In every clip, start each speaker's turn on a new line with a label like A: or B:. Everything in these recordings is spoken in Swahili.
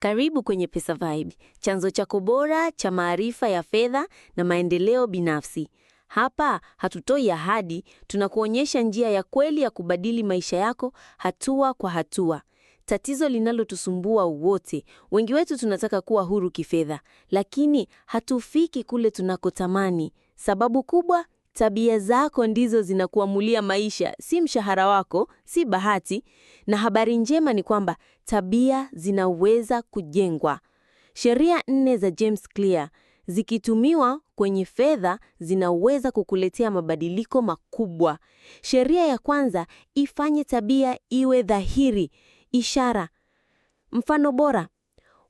A: Karibu kwenye Pesa Vibe, chanzo chako bora cha maarifa ya fedha na maendeleo binafsi. Hapa hatutoi ahadi, tunakuonyesha njia ya kweli ya kubadili maisha yako hatua kwa hatua. Tatizo linalotusumbua wote, wengi wetu tunataka kuwa huru kifedha, lakini hatufiki kule tunakotamani. Sababu kubwa Tabia zako ndizo zinakuamulia maisha, si mshahara wako, si bahati. Na habari njema ni kwamba tabia zinaweza kujengwa. Sheria nne za James Clear zikitumiwa kwenye fedha zinaweza kukuletea mabadiliko makubwa. Sheria ya kwanza, ifanye tabia iwe dhahiri, ishara. Mfano bora,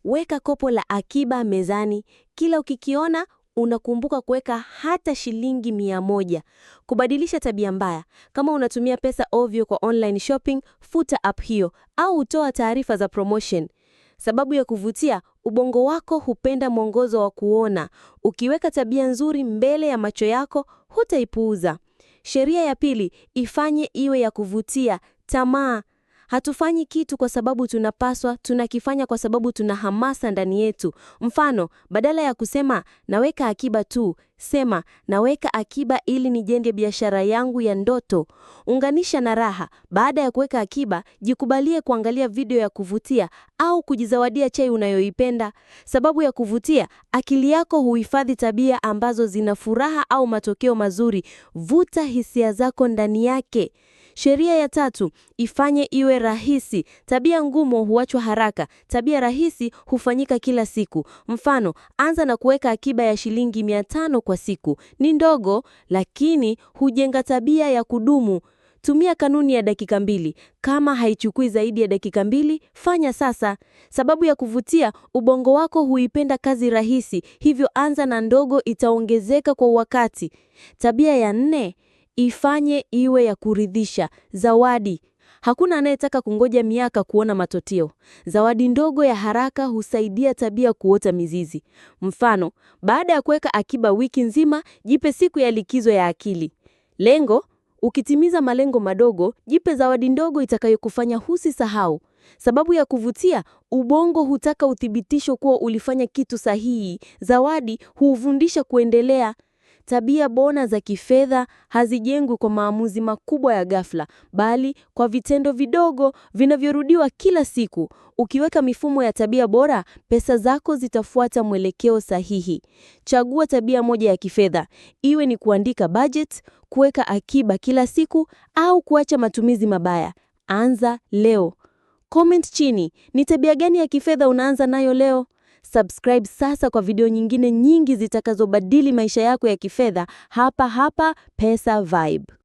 A: weka kopo la akiba mezani, kila ukikiona unakumbuka kuweka hata shilingi mia moja. Kubadilisha tabia mbaya: kama unatumia pesa ovyo kwa online shopping, futa app hiyo au utoa taarifa za promotion. Sababu ya kuvutia: ubongo wako hupenda mwongozo wa kuona. Ukiweka tabia nzuri mbele ya macho yako, hutaipuuza. Sheria ya pili: ifanye iwe ya kuvutia. Tamaa Hatufanyi kitu kwa sababu tunapaswa, tunakifanya kwa sababu tuna hamasa ndani yetu. Mfano, badala ya kusema naweka akiba tu, sema naweka akiba ili nijenge biashara yangu ya ndoto. Unganisha na raha. Baada ya kuweka akiba, jikubalie kuangalia video ya kuvutia au kujizawadia chai unayoipenda. Sababu ya kuvutia, akili yako huhifadhi tabia ambazo zina furaha au matokeo mazuri. Vuta hisia zako ndani yake. Sheria ya tatu, ifanye iwe rahisi. Tabia ngumu huachwa haraka, tabia rahisi hufanyika kila siku. Mfano, anza na kuweka akiba ya shilingi mia tano kwa siku. Ni ndogo, lakini hujenga tabia ya kudumu. Tumia kanuni ya dakika mbili. Kama haichukui zaidi ya dakika mbili, fanya sasa. Sababu ya kuvutia, ubongo wako huipenda kazi rahisi, hivyo anza na ndogo, itaongezeka kwa wakati. Tabia ya nne Ifanye iwe ya kuridhisha, zawadi. Hakuna anayetaka kungoja miaka kuona matokeo. Zawadi ndogo ya haraka husaidia tabia kuota mizizi. Mfano, baada ya kuweka akiba wiki nzima, jipe siku ya likizo ya akili. Lengo, ukitimiza malengo madogo, jipe zawadi ndogo itakayokufanya sahau Sababu ya kuvutia, ubongo hutaka uthibitisho kuwa ulifanya kitu sahihi. Zawadi huufundisha kuendelea. Tabia bona za kifedha hazijengwi kwa maamuzi makubwa ya ghafla, bali kwa vitendo vidogo vinavyorudiwa kila siku. Ukiweka mifumo ya tabia bora, pesa zako zitafuata mwelekeo sahihi. Chagua tabia moja ya kifedha, iwe ni kuandika budget, kuweka akiba kila siku, au kuacha matumizi mabaya. Anza leo. Comment chini, ni tabia gani ya kifedha unaanza nayo leo? Subscribe sasa kwa video nyingine nyingi zitakazobadili maisha yako ya kifedha hapa hapa Pesa Vibe.